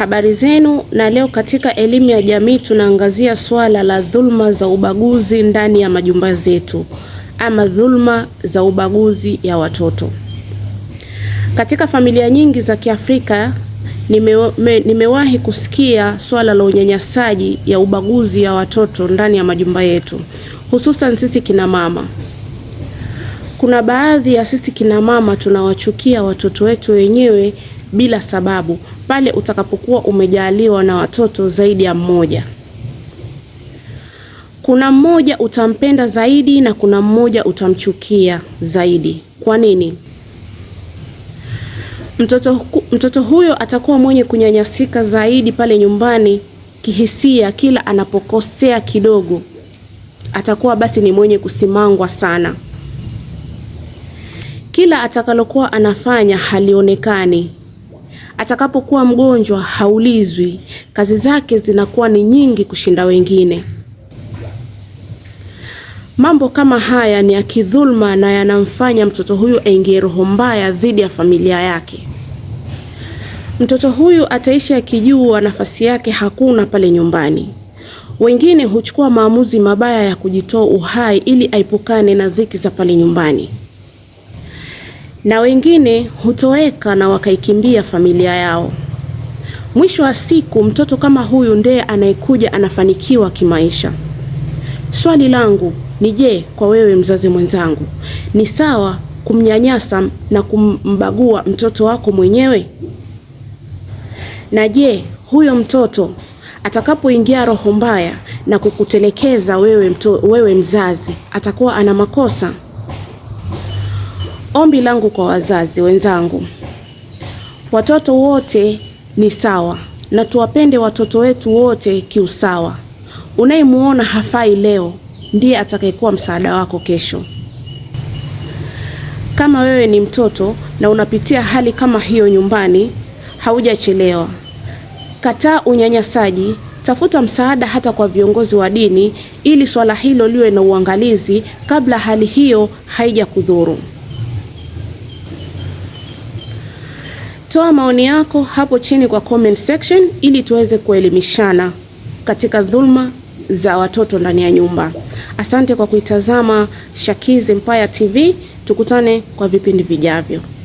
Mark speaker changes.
Speaker 1: Habari zenu na leo katika elimu ya jamii tunaangazia suala la dhulma za ubaguzi ndani ya majumba zetu ama dhulma za ubaguzi ya watoto. Katika familia nyingi za Kiafrika nime, me, nimewahi kusikia suala la unyanyasaji ya ubaguzi ya watoto ndani ya majumba yetu, hususan sisi kina mama. Kuna baadhi ya sisi kina mama tunawachukia watoto wetu wenyewe bila sababu pale utakapokuwa umejaliwa na watoto zaidi ya mmoja. Kuna mmoja utampenda zaidi na kuna mmoja utamchukia zaidi. Kwa nini? Mtoto, mtoto huyo atakuwa mwenye kunyanyasika zaidi pale nyumbani kihisia, kila anapokosea kidogo atakuwa basi ni mwenye kusimangwa sana, kila atakalokuwa anafanya halionekani, atakapokuwa mgonjwa haulizwi, kazi zake zinakuwa ni nyingi kushinda wengine. Mambo kama haya ni ya kidhulma na yanamfanya mtoto huyu aingie roho mbaya dhidi ya familia yake. Mtoto huyu ataishi akijua nafasi yake hakuna pale nyumbani. Wengine huchukua maamuzi mabaya ya kujitoa uhai ili aepukane na dhiki za pale nyumbani na wengine hutoweka na wakaikimbia familia yao. Mwisho wa siku, mtoto kama huyu ndiye anayekuja anafanikiwa kimaisha. Swali langu ni je, kwa wewe mzazi mwenzangu, ni sawa kumnyanyasa na kumbagua mtoto wako mwenyewe? Na je, huyo mtoto atakapoingia roho mbaya na kukutelekeza wewe, mto, wewe mzazi, atakuwa ana makosa? Ombi langu kwa wazazi wenzangu, watoto wote ni sawa na tuwapende watoto wetu wote kiusawa. Unayemuona hafai leo ndiye atakayekuwa msaada wako kesho. Kama wewe ni mtoto na unapitia hali kama hiyo nyumbani, haujachelewa. Kataa unyanyasaji, tafuta msaada hata kwa viongozi wa dini, ili swala hilo liwe na uangalizi kabla hali hiyo haija kudhuru. Toa maoni yako hapo chini kwa comment section ili tuweze kuelimishana katika dhulma za watoto ndani ya nyumba. Asante kwa kuitazama shakizi Empire TV, tukutane kwa vipindi vijavyo.